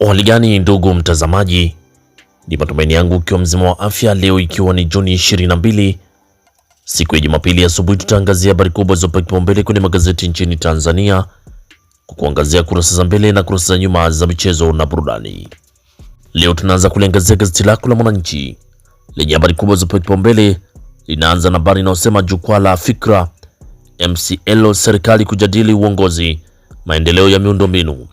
Hali gani ndugu mtazamaji, ni matumaini yangu ukiwa mzima wa afya. Leo ikiwa ni Juni 22 siku ya Jumapili asubuhi, tutaangazia habari kubwa zilizopewa kipaumbele kwenye magazeti nchini Tanzania kwa kuangazia kurasa za mbele na kurasa za nyuma za michezo na burudani. Leo tunaanza kuliangazia gazeti lako la Mwananchi lenye habari kubwa zilizopewa kipaumbele. Linaanza na habari inayosema jukwaa la fikra MCL, serikali kujadili uongozi, maendeleo ya miundombinu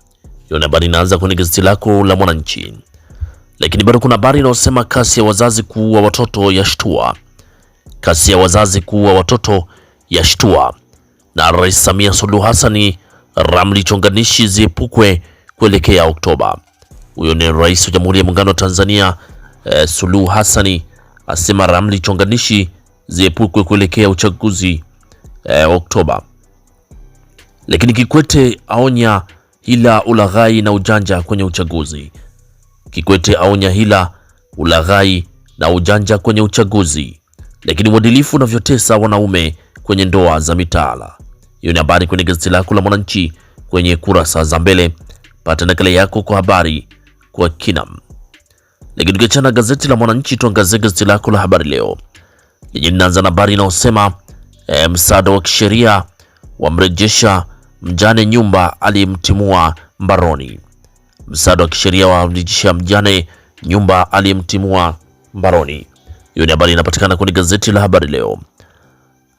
hiyo ni habari inaanza kwenye gazeti lako la Mwananchi, lakini bado kuna habari inayosema kasi ya wazazi kuua watoto yashtua. Kasi ya wazazi kuua watoto yashtua, na Rais Samia Suluhu hasani ramli chonganishi ziepukwe kuelekea Oktoba. Huyo ni Rais wa Jamhuri ya Muungano wa Tanzania eh, Suluhu Hassani asema ramli chonganishi ziepukwe kuelekea uchaguzi eh, Oktoba. Lakini Kikwete aonya hila, ulaghai na ujanja kwenye uchaguzi. Kikwete aonya hila, ulaghai na ujanja kwenye uchaguzi, lakini uadilifu unavyotesa wanaume kwenye ndoa za mitaala. Hiyo ni habari kwenye gazeti lako la Mwananchi kwenye kurasa za mbele, pata nakala yako kwa habari kwa kinam. Lakini tukiachana gazeti la Mwananchi, tuangazie gazeti lako la Habari Leo yenye linaanza na habari inayosema eh, msaada wa kisheria wamrejesha mjane nyumba aliyemtimua mbaroni. Msaada wa kisheria wamrejeshea mjane nyumba aliyemtimua mbaroni. Hiyo ni habari inapatikana kwenye gazeti la Habari Leo.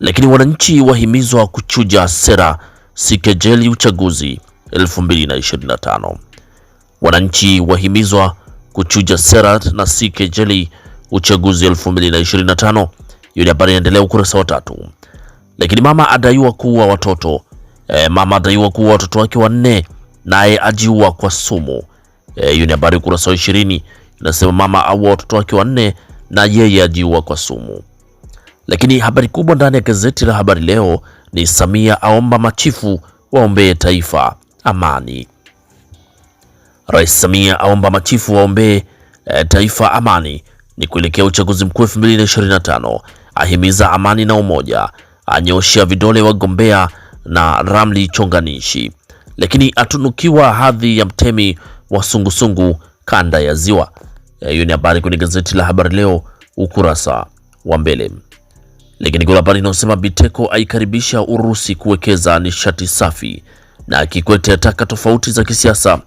Lakini wananchi wahimizwa kuchuja sera, sikejeli uchaguzi 2025. Wananchi wahimizwa kuchuja sera na sikejeli uchaguzi 2025. Hiyo ni habari inaendelea ukurasa wa tatu. Lakini mama adaiwa kuua watoto E, mama adaiwa kuwa watoto wake wanne naye ajiua kwa sumu. Eh, hiyo ni habari ukurasa wa ishirini inasema mama aua watoto wake wanne na yeye ajiua kwa sumu. Lakini habari kubwa ndani ya gazeti la Habari Leo ni Samia aomba machifu waombee taifa amani. Rais Samia aomba machifu waombee e, taifa amani ni kuelekea uchaguzi mkuu elfu mbili na na ishirini tano ahimiza amani na umoja, anyoshia vidole wagombea na Ramli chonganishi, lakini atunukiwa hadhi ya mtemi wa sungusungu sungu kanda ya Ziwa. Eh, hiyo ni habari kwenye gazeti la Habari Leo ukurasa wa mbele, lakini kuna habari inayosema Biteko aikaribisha Urusi kuwekeza nishati safi, na Kikwete ataka tofauti za kisiasa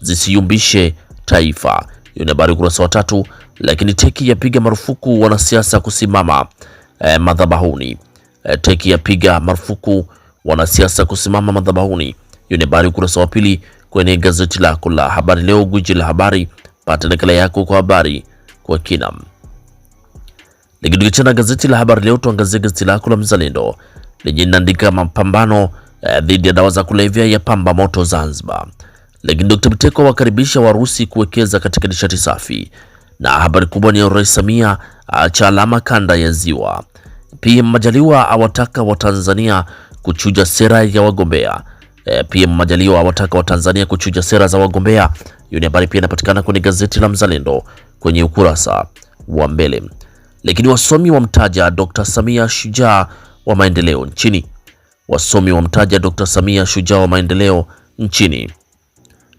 zisiyumbishe taifa. Hiyo ni habari ukurasa wa tatu. Lakini teki yapiga marufuku wanasiasa kusimama eh, madhabahuni. Eh, teki yapiga marufuku wanasiasa kusimama madhabahuni. Hiyo ni habari ukurasa wa pili kwenye gazeti lako la habari leo, gwiji la habari. Pata nakala yako kwa habari kwa kina. Nikidukichana gazeti la habari leo, tuangazie gazeti lako la Mzalendo lenye linaandika mapambano eh, dhidi ya dawa za kulevya ya pamba moto Zanzibar, lakini Dr. Mteko wakaribisha Warusi kuwekeza katika nishati safi, na habari kubwa ni Rais Samia ah, cha alama kanda ya Ziwa. Pia Majaliwa awataka Watanzania kuchuja sera ya wagombea. E, eh, pia Majaliwa awataka Watanzania kuchuja sera za wagombea. Hiyo ni habari pia inapatikana kwenye gazeti la Mzalendo kwenye ukurasa wa mbele. Lakini wasomi wamtaja Dr. Samia shujaa wa maendeleo nchini. Wasomi wamtaja Dr. Samia shujaa wa maendeleo nchini,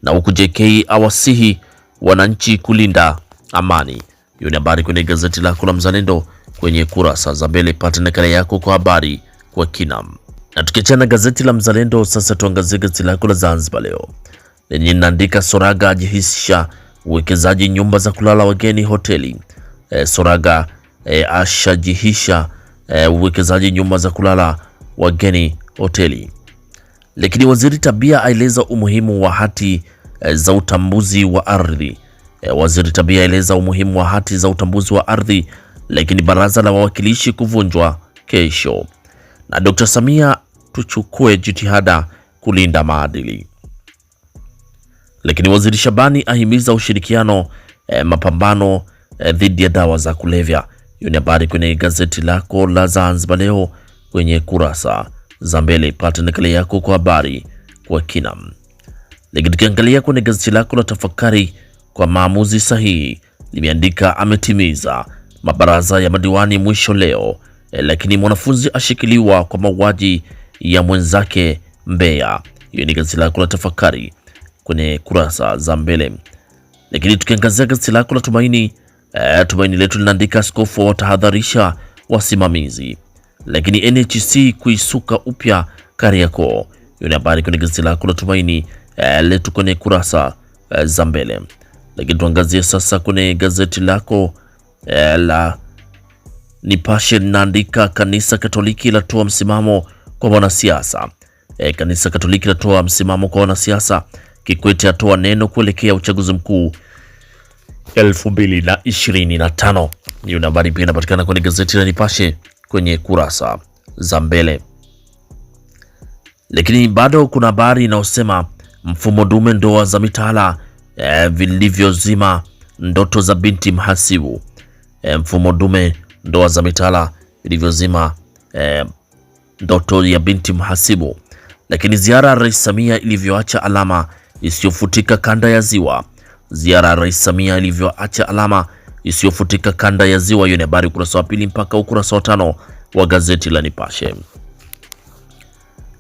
na huku JK awasihi wananchi kulinda amani. Hiyo ni habari kwenye gazeti lako la Mzalendo kwenye kurasa za mbele. Pata nakala yako kwa habari kwa kinam na tukiachana gazeti la Mzalendo, sasa tuangazie gazeti lako la Zanzibar Leo lenye linaandika Soraga ajihisha uwekezaji nyumba za kulala wageni hoteli. E, Soraga e, ashajihisha e, uwekezaji nyumba za kulala wageni hoteli. Lakini waziri Tabia aeleza umuhimu wa hati e, za utambuzi wa ardhi. E, waziri Tabia aeleza umuhimu wa hati za utambuzi wa ardhi. Lakini baraza la wawakilishi kuvunjwa kesho na Dr. Samia tuchukue jitihada kulinda maadili. Lakini Waziri Shabani ahimiza ushirikiano eh, mapambano eh, dhidi ya dawa za kulevya. Hiyo ni habari kwenye gazeti lako la Zanzibar Leo kwenye kurasa za mbele. Pata nakala yako kwa habari kwa kina. Lakini tukiangalia kwenye gazeti lako la Tafakari kwa maamuzi sahihi, limeandika ametimiza mabaraza ya madiwani mwisho leo eh, lakini mwanafunzi ashikiliwa kwa mauaji ya mwenzake Mbeya. Hiyo ni gazeti lako la Tafakari kwenye kurasa za mbele, lakini tukiangazia gazeti lako la Tumaini e, Tumaini letu linaandika askofu watahadharisha wasimamizi, lakini NHC kuisuka upya Kariakoo. Hiyo ni habari kwenye gazeti lako la Tumaini e, letu kwenye kurasa e, za mbele, lakini tuangazie sasa kwenye gazeti lako e, la Nipashe linaandika kanisa Katoliki latoa msimamo kwa wanasiasa. E, kanisa Katoliki latoa msimamo kwa wanasiasa. Kikwete atoa neno kuelekea uchaguzi mkuu 2025. Hiyo habari pia inapatikana kwenye gazeti la Nipashe kwenye kurasa za mbele, lakini bado kuna habari inayosema mfumo dume, ndoa za mitaala e, vilivyozima ndoto za binti mhasibu. E, mfumo dume, ndoa za mitaala vilivyozima e, ndoto ya binti mhasibu, lakini ziara ya Rais Samia ilivyoacha alama isiyofutika kanda ya Ziwa. Ziara ya Rais Samia ilivyoacha alama isiyofutika kanda ya Ziwa. Hiyo ni habari ukurasa wa pili mpaka ukurasa wa tano wa gazeti la Nipashe.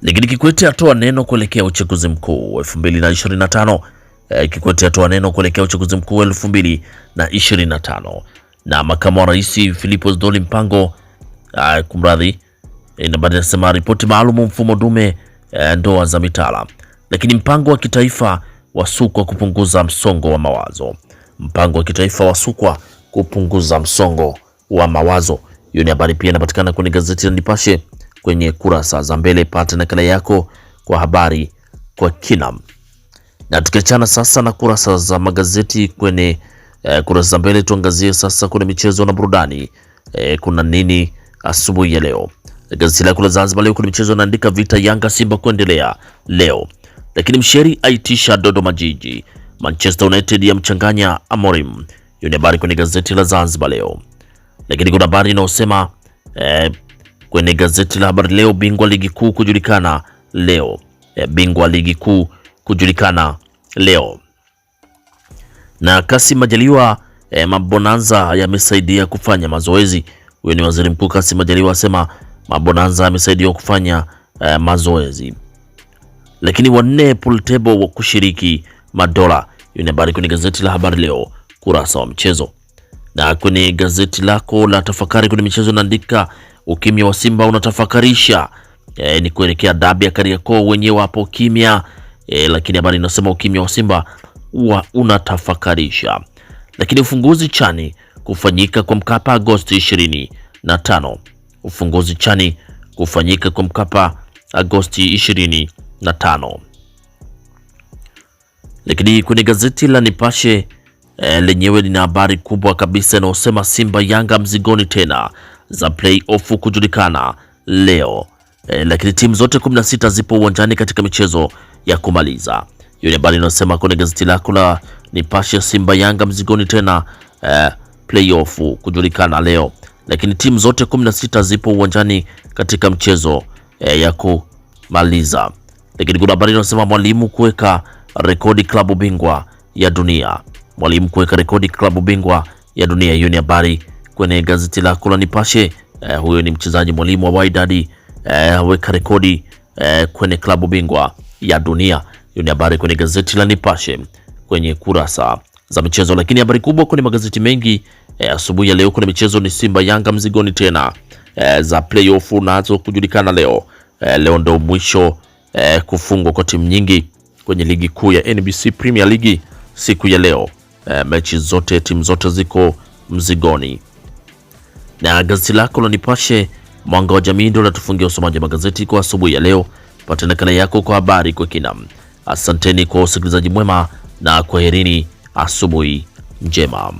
Lakini Kikwete atoa neno kuelekea uchaguzi mkuu 2025. Eh, Kikwete atoa neno kuelekea uchaguzi mkuu 2025. Na na makamu wa rais Philipos Zdoli Mpango, eh, kumradhi, Inabada eh, nasema ripoti maalum mfumo dume e, ndoa za mitala. Lakini mpango wa kitaifa wasukwa kupunguza msongo wa mawazo. Mpango wa kitaifa wasukwa kupunguza msongo wa mawazo. Hiyo ni habari pia inapatikana kwenye gazeti la Nipashe kwenye kurasa za mbele. Pata nakala yako kwa habari kwa kina. Na tukiachana sasa na kurasa za magazeti kwenye e, kurasa za mbele, tuangazie sasa kwenye michezo na burudani. E, kuna nini asubuhi ya leo? Gazeti lako la Zanzibar Leo kuna michezo naandika vita Yanga Simba kuendelea leo, lakini msheri aitisha Dodoma Jiji. Manchester United ya mchanganya Amorim. Hiyo ni habari kwenye gazeti la Zanzibar Leo, lakini kuna habari inayosema eh, kwenye gazeti la habari leo bingwa ligi kuu kujulikana leo eh, bingwa ligi kuu kujulikana leo na Kassim Majaliwa eh, mabonanza yamesaidia kufanya mazoezi. Huyo ni waziri mkuu Kassim Majaliwa asema Mabonanza amesaidiwa kufanya uh, mazoezi, lakini wanne pool table wa kushiriki madola. Hiyo ni habari kwenye gazeti la habari leo kurasa wa mchezo, na kwenye gazeti lako la tafakari kwenye michezo naandika ukimya wa Simba unatafakarisha. E, ni kuelekea dabi ya Kariakoo, wenyewe wapo kimya e, lakini habari inasema ukimya wa Simba wa unatafakarisha. Lakini ufunguzi chani kufanyika kwa Mkapa Agosti 25 ufunguzi chani kufanyika kwa Mkapa Agosti 25. Lakini kwenye gazeti la Nipashe e, lenyewe lina habari kubwa kabisa inayosema Simba Yanga mzigoni tena za playoff kujulikana leo e, lakini timu zote 16 zipo uwanjani katika michezo ya kumaliza. Hiyo ni habari inayosema kwenye gazeti lako la Nipashe, Simba Yanga mzigoni tena e, playoff kujulikana leo lakini timu zote 16 zipo uwanjani katika mchezo e, ya kumaliza. Lakini kuna habari inasema mwalimu kuweka rekodi klabu bingwa ya dunia, mwalimu kuweka rekodi klabu bingwa ya dunia. Hiyo ni habari kwenye gazeti lako la Nipashe. E, huyo ni mchezaji mwalimu wa Wydad eh, aweka e, rekodi e, kwenye klabu bingwa ya dunia. Hiyo ni habari kwenye gazeti la Nipashe kwenye kurasa za michezo. Lakini habari kubwa kwenye magazeti mengi e, asubuhi ya leo kwenye michezo ni Simba Yanga mzigoni tena e, za playoff nazo kujulikana leo e, leo ndo mwisho e, kufungwa kwa timu nyingi kwenye ligi kuu ya NBC Premier League siku ya leo e, mechi zote timu zote ziko mzigoni. Na gazeti lako la Nipashe Mwanga wa Jamii ndio linatufungia usomaji wa magazeti kwa asubuhi ya leo. Pata nakala yako kwa habari kwa kina. Asanteni kwa usikilizaji mwema na kwaherini asubuhi njema.